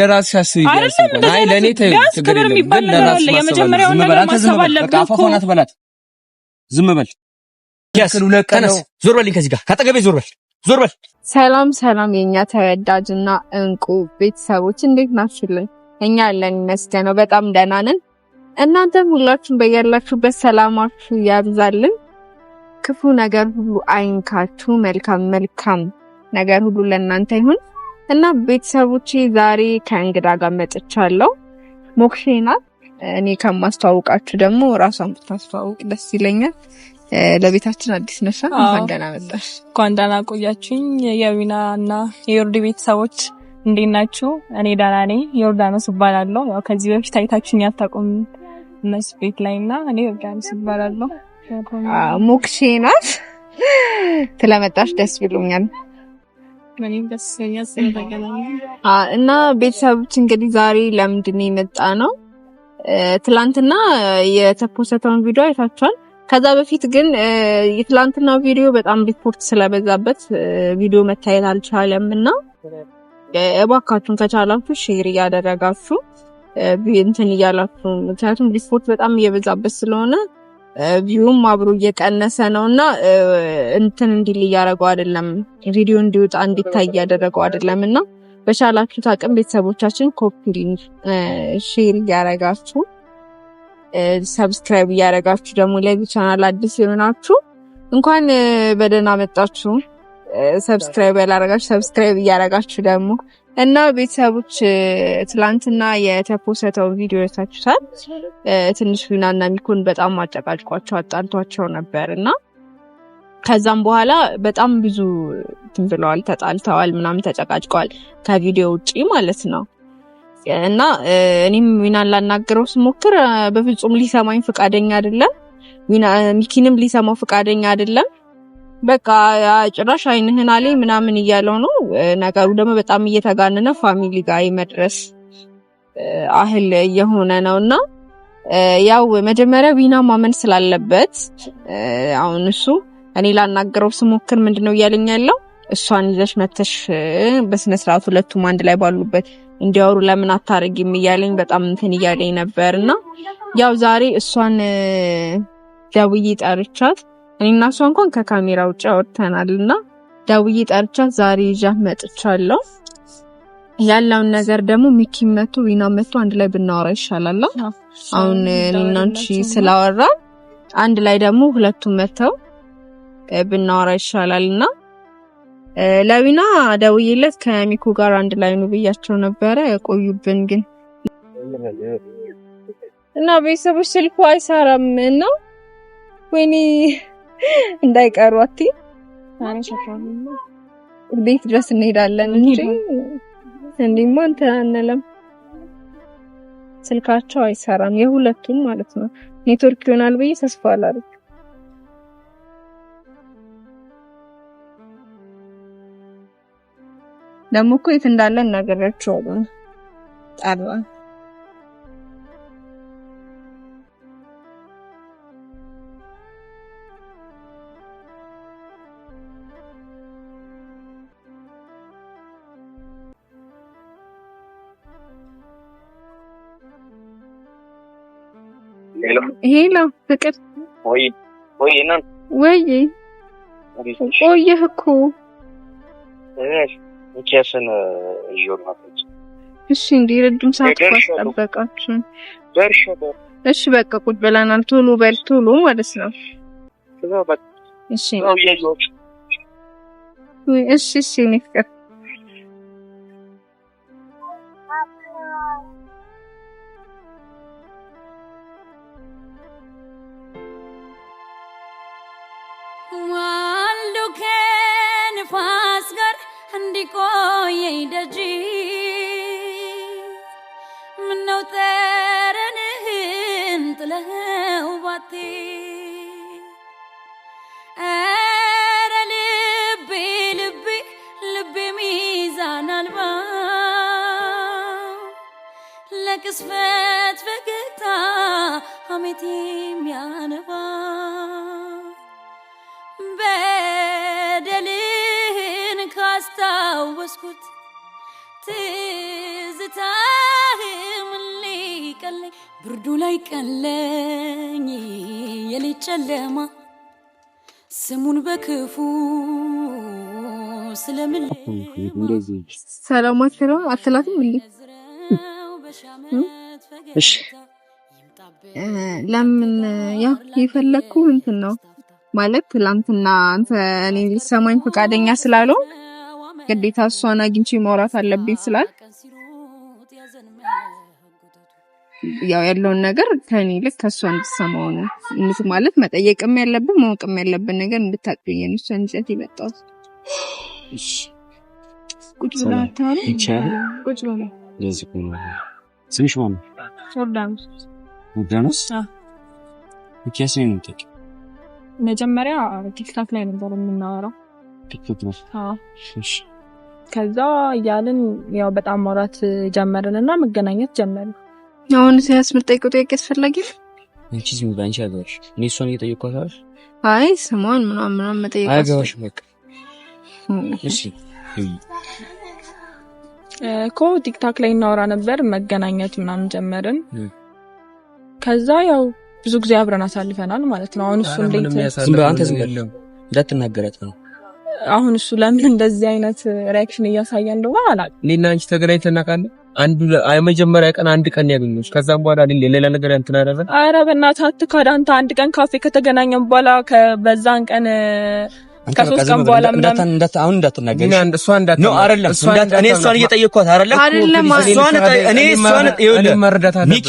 ለራስሽ አስቢ። አይ ለእኔ ክብር የሚባል ዝም በል ተነስ፣ ዞር በልኝ ከዚህ ጋር ካጠገቤ ዞር በል ዞር በል። ሰላም ሰላም፣ የእኛ ተወዳጅና እንቁ ቤተሰቦች እንዴት ናችሁልን? እኛ ያለን ይመስገነው በጣም ደህና ነን። እናንተም ሁላችሁም በያላችሁበት ሰላማችሁ ያብዛልን፣ ክፉ ነገር ሁሉ አይንካችሁ፣ መልካም መልካም ነገር ሁሉ ለእናንተ ይሁን። እና ቤተሰቦቼ ዛሬ ከእንግዳ ጋር መጥቻለሁ። ሞክሼ ናት። እኔ ከማስተዋውቃችሁ ደግሞ ራሷን ብታስተዋውቅ ደስ ይለኛል። ለቤታችን አዲስ ነሻ፣ እንኳን ደህና መጣሽ። እንኳን ደህና ቆያችሁኝ። የዊና እና የዮርዲ ቤተሰቦች እንዴት ናችሁ? እኔ ደህና ነኝ። ዮርዳኖስ እባላለሁ። ያው ከዚህ በፊት ታይታችሁኝ አታውቁም እነሱ ቤት ላይ እና እኔ ዮርዳኖስ እባላለሁ። ሞክሼ ናት። ስለመጣሽ ደስ ብሎኛል። ስለተገናኘ እና ቤተሰቦች እንግዲህ ዛሬ ለምንድን ነው የመጣ ነው? ትላንትና የተፖሰተውን ቪዲዮ አይታችኋል። ከዛ በፊት ግን የትላንትናው ቪዲዮ በጣም ሪፖርት ስለበዛበት ቪዲዮ መታየት አልቻለም እና እባካችሁን ከቻላችሁ ሼር እያደረጋችሁ እንትን እያላችሁ ምክንያቱም ሪፖርት በጣም እየበዛበት ስለሆነ ቪውም አብሮ እየቀነሰ ነው እና እንትን እንዲል እያደረገው አይደለም፣ ቪዲዮ እንዲወጣ እንዲታይ እያደረገው አይደለም። እና በቻላችሁት አቅም ቤተሰቦቻችን ኮፒ፣ ሼር እያረጋችሁ ሰብስክራይብ እያደረጋችሁ ደግሞ ለዚህ ቻናል አዲስ የሆናችሁ እንኳን በደህና መጣችሁ። ሰብስክራይብ ያላረጋችሁ ሰብስክራይብ እያረጋችሁ ደግሞ እና ቤተሰቦች ትላንትና የተፖሰተው ቪዲዮ የታችሁታል። ትንሽ ዊናና ሚኮን በጣም አጨቃጭቋቸው አጣልቷቸው ነበር እና ከዛም በኋላ በጣም ብዙ እንትን ብለዋል፣ ተጣልተዋል፣ ምናምን ተጨቃጭቀዋል፣ ከቪዲዮ ውጪ ማለት ነው። እና እኔም ዊናን ላናገረው ስሞክር በፍጹም ሊሰማኝ ፈቃደኛ አይደለም። ሚኪንም ሊሰማው ፈቃደኛ አይደለም። በቃ ጭራሽ አይንህን አለኝ ምናምን እያለው ነው ነገሩ። ደግሞ በጣም እየተጋነነ ፋሚሊ ጋር የመድረስ አህል እየሆነ ነው እና ያው መጀመሪያ ቢና ማመን ስላለበት አሁን እሱ እኔ ላናገረው ስሞክር ምንድነው እያለኝ ያለው እሷን ይዘሽ መተሽ በስነ ሁለቱም አንድ ላይ ባሉበት እንዲያወሩ ለምን አታረጊም እያለኝ በጣም እንትን እያለኝ ነበር እና ያው ዛሬ እሷን ደውዬ ጠርቻት እኔና እሷ እንኳን ከካሜራ ውጭ አወጥተናል እና ደውዬ ጠርቻ ዛሬ ይዣት መጥቻለሁ። ያለውን ነገር ደግሞ ሚኪ መቶ ዊና መቶ አንድ ላይ ብናወራ ይሻላል። አሁን እኔና አንቺ ስላወራ አንድ ላይ ደግሞ ሁለቱ መተው ብናወራ ይሻላል እና ለዊና ደውዬለት ከሚኩ ጋር አንድ ላይ ነው ብያቸው ነበረ። የቆዩብን ግን እና ቤተሰቦች ስልኩ አይሰራም ነው ወይኔ እንዳይቀሩ አቲ ቤት ድረስ እንሄዳለን እንጂ እንዲህማ እንትን አንለም። ስልካቸው አይሰራም፣ የሁለቱም ማለት ነው። ኔትወርክ ይሆናል ብዬ ተስፋ አላደርግም። ደግሞ እኮ የት እንዳለ እናገራቸዋለን። ጣልዋ ሄሎ ፍቅር፣ ወይ ወይ እናን ወይ ቆየህ እኮ እሺ፣ ሚኪያስን እየወራች እሺ፣ እንደ ረጅም ሰዓት ደርሽ እሺ፣ በቃ ቁጭ ብለናል። ቶሎ በል ቶሎ ማለት ነው። እሺ፣ እሺ፣ እሺ፣ ፍቅር በቅስፈት ፈገግታ ሐሜት የሚያነባ በደልህን ካስታወስኩት ትዝታህም ሊቀለኝ ብርዱ ላይ ቀለኝ የሌት ጨለማ ስሙን በክፉ ስለምን ሰላም አትላትም እሺ ለምን ያው የፈለግኩ እንትን ነው ማለት ትላንትና አንተ እኔ ሰማኝ ፈቃደኛ ስላለው ግዴታ እሷን አግኝቼ ማውራት አለብኝ ስላል ያው ያለውን ነገር ከኔ ልክ ከእሷ እንድትሰማው ነው እንት ማለት መጠየቅም ያለብን ማወቅም ያለብን ነገር እንድታቅብኝ ነው። እሷ እንጨት ይመጣው ቁጭ ብላ ታሪ ቁጭ ብላ ስምሽ ማን ነው? ዮርዳኖስ ዮርዳኖስ። ሚኪያስ ነው መጀመሪያ ቲክታክ ላይ ነበር የምናወራው። ቲክቶክ ነው? እሺ። ከዛ እያልን ያው በጣም ማውራት ጀመርን እና መገናኘት ጀመርን። አሁን ሲያስ የምትጠቂው ጥያቄ አስፈላጊ አንቺ ዝም ብላ አንቺ አገባሽ። እኔ እሷን እየጠየቅኳት አይደል? አይ ስሟን ምናምን ምናምን መጠየቅ አያገባሽም። በቃ እሺ እኮ ቲክታክ ላይ እናወራ ነበር፣ መገናኘት ምናምን ጀመርን። ከዛ ያው ብዙ ጊዜ አብረን አሳልፈናል ማለት ነው። አሁን እሱ እንዳትናገረት ነው። አሁን እሱ ለምን እንደዚህ አይነት ሪያክሽን እያሳየ እንደሆነ አላውቅም። እኔና አንቺ ተገናኝተን እናውቃለን። አንዱ የመጀመሪያ ቀን አንድ ቀን ያገኘች፣ ከዛም በኋላ ሌላ ነገር እንትን አደረግን። ኧረ በእናትህ አትካድ አንተ። አንድ ቀን ካፌ ከተገናኘን በኋላ በዛን ቀን ከሶስት ቀን በኋላ ምናምን አሁን እንዳትናገሪ አይደለም እኔ እሷን እየጠየቅኳት አይደለም እኔ ሚኪ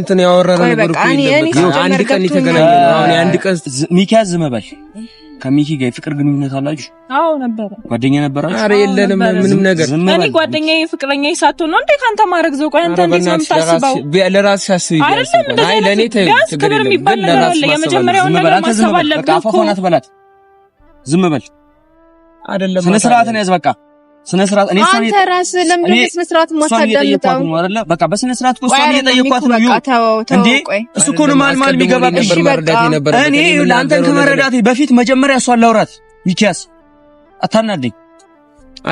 እንትን ያወራነው ነበር እኮ አንድ ቀን የተገናኘ አንድ ቀን ሚኪያ ዝም በል። ከሚኪ ጋር የፍቅር ግንኙነት አላችሁ? አዎ ነበረ። ጓደኛ ነበራችሁ? አረ የለንም ምንም ነገር። እኔ ጓደኛ ፍቅረኛ ሳትሆን ነው እንዴ ካንተ ማድረግ ዘው። ቆይ አንተ እንዴት ነው የምታስበው? ለራስህ አስብ። አይ ለኔ ተይው። ክብር የሚባል ነገር አለ። የመጀመሪያውን ነገር ማሰብ አለብህ እኮ። አፏን አትበላት። ዝም በል። አይደለም ስነ ስርዓትን ያዝ በቃ ስነ ስርዓት እኔ ሰው አንተ ራስህ ለምን ስነ ስርዓት ማታዳምጣው አይደለ? በቃ በስነ ስርዓት እኮ እሷን እየጠየኳት ነው። እንዴ እሱ እኮ ነው ማል ማል የሚገባበት። እሺ በቃ እኔ አንተን ከመረዳቴ በፊት መጀመሪያ እሷን ላውራት። ሚኪያስ አታናደኝ።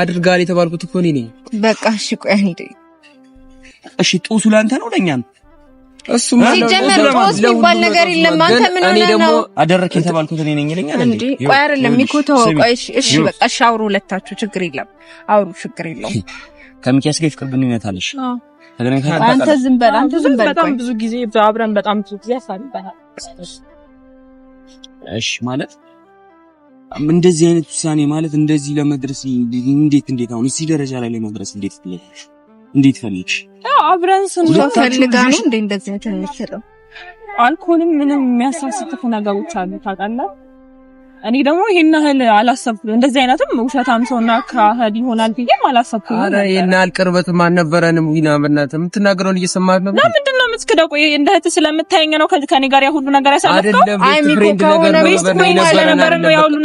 አድርጋል የተባልኩት እኮ እኔ ነኝ። በቃ እሺ ቆይ አንዴ። እሺ ጡሱ ላንተ ነው ለኛ ነው ሲጀመር ጦስ የሚባል ነገር የለም። አንተ ምን ሆነህ ነው አደረክ የተባልኩት? እኔ ነኝ ይለኛል እንዴ? ቆይ አይደለም እኮ ተወው። ቆይ እሺ፣ በቃ እሺ፣ አውሩ ሁለታችሁ፣ ችግር የለም አውሩ፣ ችግር የለም። ከሚኪያስ ጋር ፍቅር ግንኙነት አለሽ? አንተ ዝም በል፣ አንተ ዝም በል። በጣም ብዙ ጊዜ አብረን በጣም ብዙ ጊዜ አሳልፈናል። እሺ ማለት እንደዚህ አይነት ውሳኔ ማለት እንደዚህ ለመድረስ እንዴት እንዴት አሁን እዚህ ደረጃ ላይ ለመድረስ እንዴት ትለኛለሽ? እንዴት ፈልግሽ? ያው አብረን አልኮልም ምንም የሚያሳስትፉ ነገሮች አሉ ታውቃለህ። እኔ ደግሞ ይሄን ያህል አላሰብኩም። እንደዚህ አይነትም ውሸታም ሰውና ካህል ይሆናል ብዬም አላሰብኩም። ኧረ ይሄን ያህል ቅርበትም አልነበረንም። ዊና በእናትህ የምትናገረውን እየሰማህ ነው። ለምንድን ነው የምትክደው? ቆይ እንደ እህት ስለምታየኝ ነው ከኔ ጋር ያሁሉ ነገር ያሳልፈው። አይ ነው ያ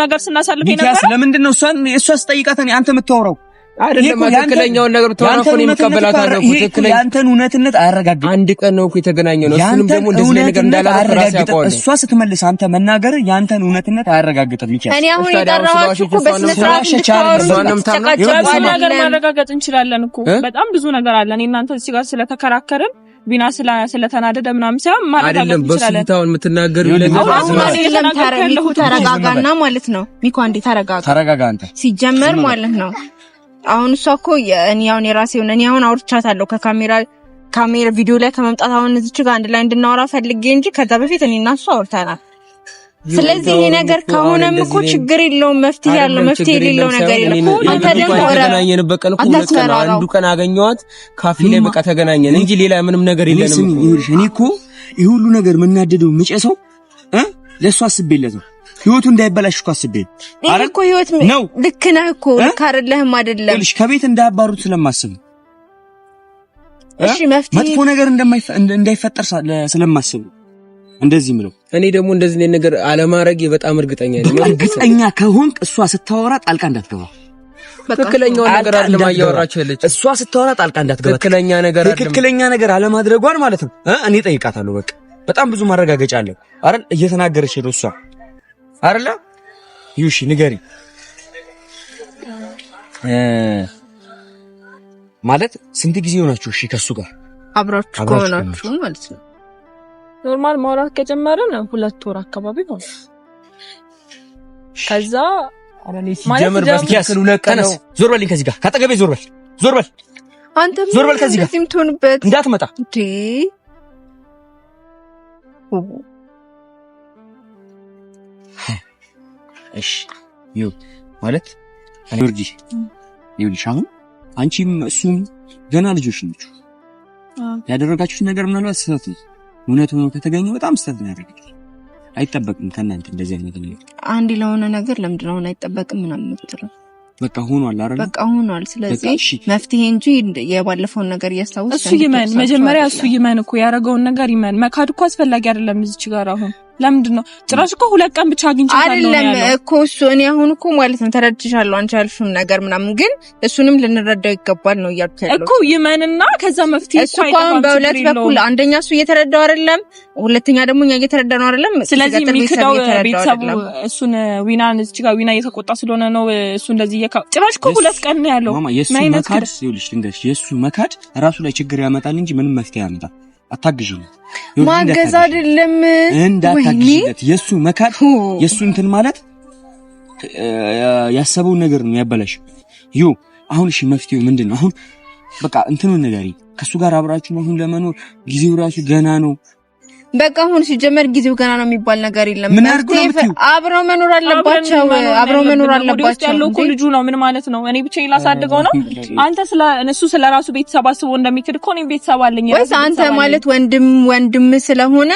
ነገር ስናሳልፍ ነበር። ለምንድን ነው እሷን እሷ ስጠይቃት አንተ የምታወራው አይደለም ትክክለኛውን ነገር ተዋናፎን የሚቀበላት አደረኩ። ትክክለኛ ያንተን እውነትነት አያረጋግጥም። አንድ ቀን ነው እኮ የተገናኘ ነው። እሱንም ደግሞ እንደዚህ ነገር እንዳላረፈ ራስ ያውቀዋል። እሷ ስትመልስ አንተ መናገር ያንተን እውነትነት አያረጋግጥም። ይቻላል። እኔ አሁን የጠራኋችሁ እኮ ነገር ማረጋገጥ እንችላለን እኮ በጣም ብዙ ነገር አለ። እናንተ እዚህ ጋር ስለተከራከርን ቢና ስለተናደደ ምናምን ሳይሆን ማረጋገጥ እንችላለን። አሁን የምትናገር ተረጋጋና ማለት ነው። ሚኮ አንዴ ተረጋጋ፣ ተረጋጋ አንተ ሲጀመር ማለት ነው አሁን እሷ እኮ እኔ አሁን የራሴ ሆነ እኔ አሁን አውርቻታለሁ ከካሜራ ካሜራ ቪዲዮ ላይ ከመምጣት አሁን እዚች ጋር አንድ ላይ እንድናወራ ፈልጌ እንጂ ከዛ በፊት እኔ እና እሷ አውርተናል። ስለዚህ ይሄ ነገር ከሆነም እኮ ችግር የለውም፣ መፍትሄ ያለው መፍትሄ የሌለው ነገር የለም። አንተ ደግሞ አንዱ ቀን አገኘኋት ካፌ ላይ በቃ ተገናኘን እንጂ ሌላ ምንም ነገር የለንም። እኔ እኮ ይሄ ሁሉ ነገር መናደደው ምጨሰው እ ለእሷ አስቤለት ነው ህይወቱ እንዳይበላሽ እኮ አስቤ እኮ ህይወት ነው። ልክ ነህ እኮ ልክ አይደለህም። አይደለም ልሽ ከቤት እንዳያባሩት ስለማስብ እሺ፣ መፍትሄ መጥፎ ነገር እንዳይፈጠር ስለማስብ እንደዚህ ምለው። እኔ ደግሞ እንደዚህ ነገር አለማድረግ በጣም እርግጠኛ ነኝ። እርግጠኛ ከሆንክ እሷ ስታወራ ጣልቃ እንዳትገባ። ትክክለኛው ነገር አይደለም እያወራች ያለች እሷ ስታወራ ጣልቃ እንዳትገባ። ትክክለኛ ነገር አይደለም። ትክክለኛ ነገር አለማድረጓን ማለት ነው። እኔ ጠይቃታለሁ። በቃ በጣም ብዙ ማረጋገጫ አለ አይደል? እየተናገረች ነው እሷ አይደለ? ይውሺ ንገሪ ማለት ስንት ጊዜ ሆናችሁ? እሺ ከሱ ጋር አብራችሁ ከሆናችሁ ማለት ነው። ኖርማል ማውራት ከጀመርን ሁለት ወር አካባቢ ነው። ከዛ ሲጀምር በፊት ሁለት ቀን ዞር በልኝ ከዚህ ጋር ካጠገቤ ዞር በል፣ ዞር በል አንተ ዞር በል ከዚህ ጋር እንዳትመጣ እሺ ይኸው ማለት ጆርጂ ይኸውልሽ፣ አሁን አንቺም እሱም ገና ልጆች ናችሁ። ያደረጋችሁት ነገር ምናልባት ስህተት ነው። እውነት ሆኖ ከተገኘ በጣም ስህተት ነው ያደረጋችሁት። አይጠበቅም ከእናንተ እንደዚህ አይነት ነገር። አንዴ ለሆነ ነገር ለምንድን ነው አሁን አይጠበቅም ምናምን የምትለው? በቃ ሆኗል አይደል? በቃ ሆኗል። ስለዚህ መፍትሄ እንጂ የባለፈውን ነገር እያስታወስ እሱ ይመን መጀመሪያ እሱ ይመን እኮ ያደረገውን ነገር ይመን። መካድ እኮ አስፈላጊ አይደለም እዚች ጋር አሁን ለምንድን ነው ጭራሽ እኮ ሁለት ቀን ብቻ አግኝቻታለሁ አይደለም እኮ እሱ እኔ አሁን እኮ ማለት ነው ተረድቻለሁ አንቺ አልሽም ነገር ምናምን ግን እሱንም ልንረዳው ይገባል ነው እያልኩ ያለው እኮ ይመንና ከዛ መፍትሄ እኮ አሁን በሁለት በኩል አንደኛ እሱ እየተረዳው አይደለም ሁለተኛ ደግሞ እኛ እየተረዳ ነው አይደለም ስለዚህ የሚክዳው ቤተሰቡ እሱን ዊናን እዚህ ጋር ዊና እየተቆጣ ስለሆነ ነው እሱ እንደዚህ እየካ ጭራሽ እኮ ሁለት ቀን ነው ያለው ማማ የሱ መካድ ይኸውልሽ ድንገሽ የሱ መካድ ራሱ ላይ ችግር ያመጣል እንጂ ምንም መፍትሄ ያመጣል አታግዥለት ማገዝ አይደለም እንዳታግዥለት። የእሱ መካድ የእሱ እንትን ማለት ያሰበውን ነገር ነው ያበላሽ። ዩ አሁን እሺ፣ መፍትሄው ምንድን ነው? አሁን በቃ እንትኑን ንገሪኝ። ከእሱ ጋር አብራችሁ አሁን ለመኖር ጊዜው ራሱ ገና ነው። በቃ አሁን ሲጀመር ጊዜው ገና ነው የሚባል ነገር የለም። ምን አብረው መኖር አለባቸው። አብረው መኖር አለባቸው ያለው እኮ ልጁ ነው። ምን ማለት ነው? እኔ ብቻ ላሳድገው ነው? አንተ ስለ እነሱ ስለ ራሱ ቤተሰብ አስቦ እንደሚክድ እኮ እኔም ቤተሰብ አለኝ። ወይስ አንተ ማለት ወንድም ወንድም ስለሆነ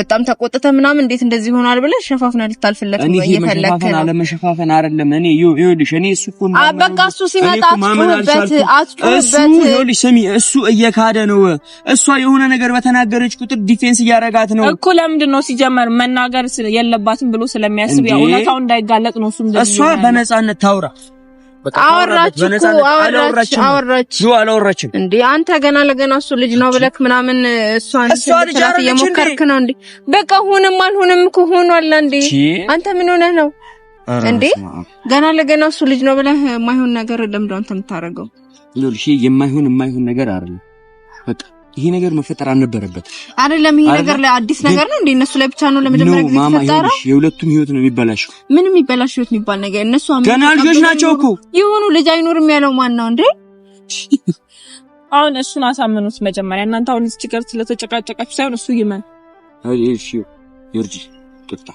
በጣም ተቆጥተ ምናምን እንዴት እንደዚህ ሆኗል ብለህ ሸፋፍና ልታልፍለት ነው እየፈለክ ነው። አለመሸፋፈን አይደለም። እኔ ይኸውልሽ፣ እኔ እሱ እኮ በቃ እሱ ሲመጣ አትጩህበት፣ አትጩህበት። ይኸውልሽ፣ ስሚ፣ እሱ እየካደ ነው። እሷ የሆነ ነገር በተናገረች ቁጥር ዲፌንስ እያረጋት ነው እኮ። ለምንድን ነው ሲጀመር መናገር የለባትም ብሎ ስለሚያስብ ያው እውነታው እንዳይጋለጥ ነው እሱ። እሷ በነፃነት ታውራ አወራች እኮ እንዴ? አንተ ገና ለገና እሱ ልጅ ነው ብለክ ምናምን እሷን ነው እንዴ? በቃ ሆነም እኮ ሆኗል። እንዴ አንተ ምን ሆነህ ነው እንዴ? ገና ለገና እሱ ልጅ ነው ብለህ የማይሆን ነገር ለምንድን አንተ የምታደርገው? ይኸውልሽ የማይሆን የማይሆን ነገር አይደለም በቃ ይሄ ነገር መፈጠር አልነበረበት አይደለም። ይሄ ነገር ላይ አዲስ ነገር ነው እንዴ? እነሱ ላይ ብቻ ነው ለመጀመሪያ ጊዜ ተፈጠረ? የሁለቱም ህይወት ነው የሚበላሸው። ምን የሚበላሽ ህይወት የሚባል ነገር እነሱ ገና ልጆች ናቸው እኮ ይሁኑ ልጅ አይኖርም ያለው ማን ነው እንዴ? አሁን እሱን አሳምኑት መጀመሪያ እናንተ። አሁን እዚህ ጋር ስለተጨቃጨቃችሁ ሳይሆን እሱ ይመን አይ እሺ፣ ይርጂ ጥጣ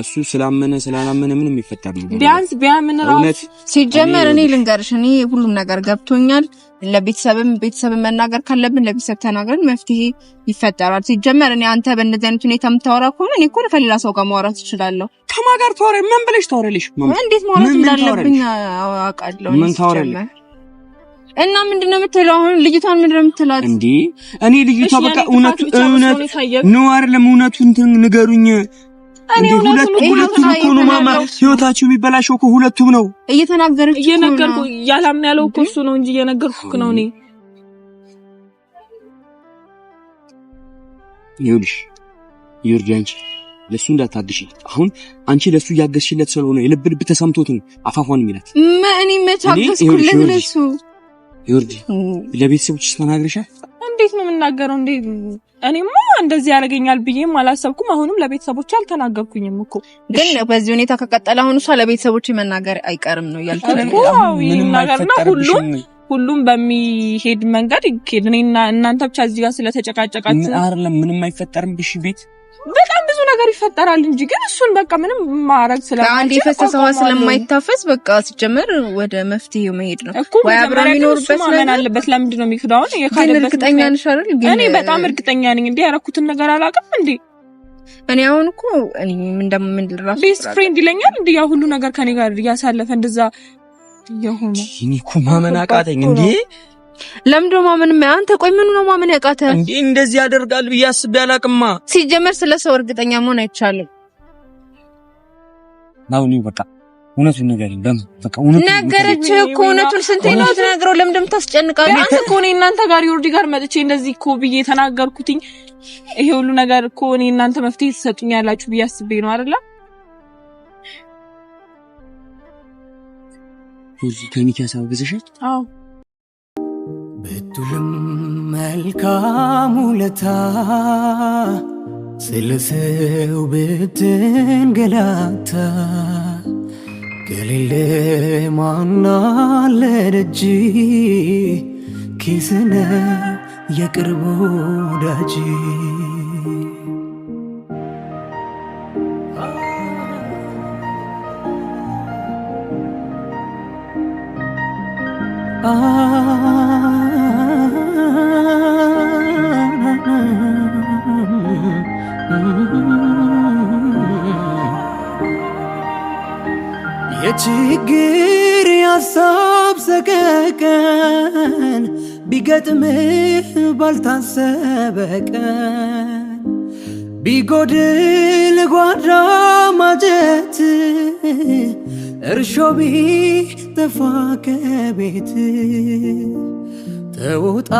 እሱ ስላመነ ስላላመነ ምንም ይፈጠር ነው። ቢያንስ ቢያምን ራሱ ሲጀመር እኔ ልንገርሽ፣ እኔ ሁሉም ነገር ገብቶኛል። ለቤተሰብም ቤተሰብ መናገር ካለብን ለቤተሰብ ተናገርን፣ መፍትሄ ይፈጠራል። ሲጀመር እኔ አንተ በእነዚህ አይነት ሁኔታ የምታወራ ከሆነ እኔ እኮ ከሌላ ሰው ጋር ማውራት እችላለሁ። ከማን ጋር ታወሪ? ምን ብለሽ ታወሪልሽ? እንዴት ማውራት እንዳለብኝ አውቃለሁ። ምን ታወሪልሽ? እና ነው የምትለው? አሁን ልጅቷን ምንድን ነው የምትላት? እንዴ እኔ ልጅቷ በቃ እውነቱ እውነቱ ነው አይደለም እውነቱን ንገሩኝ ሁለቱም እኮ ነው ማማ፣ ህይወታችሁ የሚበላሸው እኮ ሁለቱም ነው። እየተናገረች እየነገርኩ ያላም ያለው እኮ እሱ ነው እንጂ እየነገርኩህ ነው እኔ ይኸውልሽ ይኸውልሽ አንቺ ለሱ እንዳታድሽ። አሁን አንቺ ለሱ እያገዝሽለት ስለሆነ የልብ ልብ ተሰምቶት ነው አፋፏን የሚላት። እኔ መታገስኩለት ለሱ። ይኸውልሽ ለቤተሰቦችሽ ተናግረሻል? እንዴት ነው የምናገረው? እንዴ እኔማ እንደዚህ ያደርገኛል ብዬም አላሰብኩም። አሁንም ለቤተሰቦች አልተናገርኩኝም እኮ ግን በዚህ ሁኔታ ከቀጠለ አሁን እሷ ለቤተሰቦች መናገር አይቀርም ነው ያልኩነገርና ሁሉም ሁሉም በሚሄድ መንገድ ይሄድ። እኔና እናንተ ብቻ እዚህ ጋር ስለተጨቃጨቃችሁ አይደለም ምንም አይፈጠርም ብሽ ቤት በጣም ነገር ይፈጠራል እንጂ ግን እሱን በቃ ምንም ማረግ የፈሰሰ ውሃ ስለማይታፈስ በቃ ሲጀመር ወደ መፍትሄው መሄድ ነው ወይ አብረው የሚኖርበት ነገር አለበት። ለምንድን ነው የሚክዳውን የካለበት? እርግጠኛ ነሽ አይደል? እኔ በጣም እርግጠኛ ነኝ። እንዴ ያረኩትን ነገር አላውቅም እንዴ እኔ አሁን እኮ እኔ እንደምን ቤስት ፍሬንድ ይለኛል እንዴ ያ ሁሉ ነገር ከኔ ጋር እያሳለፈ እንደዛ የሆነ እኔ እኮ ማመን አቃተኝ እንዴ ለምዶ ነው ማመን? አንተ ቆይ ምኑ ነው ማመን ያቃተ እንዴ እንደዚህ ያደርጋል ብዬ አስቤ አላቅማ። ሲጀመር ስለ ሰው እርግጠኛ መሆን አይቻልም። ናውኒ በቃ እውነቱን ንገሪኝ። ለምን በቃ እውነቱን ነገረችህ እኮ እውነቱን ስንቴ ነው ተናግረው? ለምደም ደም ታስጨንቃለህ? አንተ እኮ እኔ እናንተ ጋር ዮርዲ ጋር መጥቼ እንደዚህ እኮ ብዬ ተናገርኩትኝ። ይሄ ሁሉ ነገር እኮ እኔ እናንተ መፍትሄ ትሰጡኝ ያላችሁ ብዬ አስቤ ነው አይደለ? ሁሉ ከሚካሳው ገዘሽት? አዎ ሁሉም መልካም ውለታ ስለሰው ሰው ብትንገላታ ከሌለ ማን አለ ደጅ ኪስነ የቅርቡ ወዳጅ አ በችግር ያሳብ ሰቀቀን ቢገጥምህ ባልታሰበ ቀን ቢጎድል ጓዳ ማጀት እርሾ ቢጠፋ ከቤት ተውጣ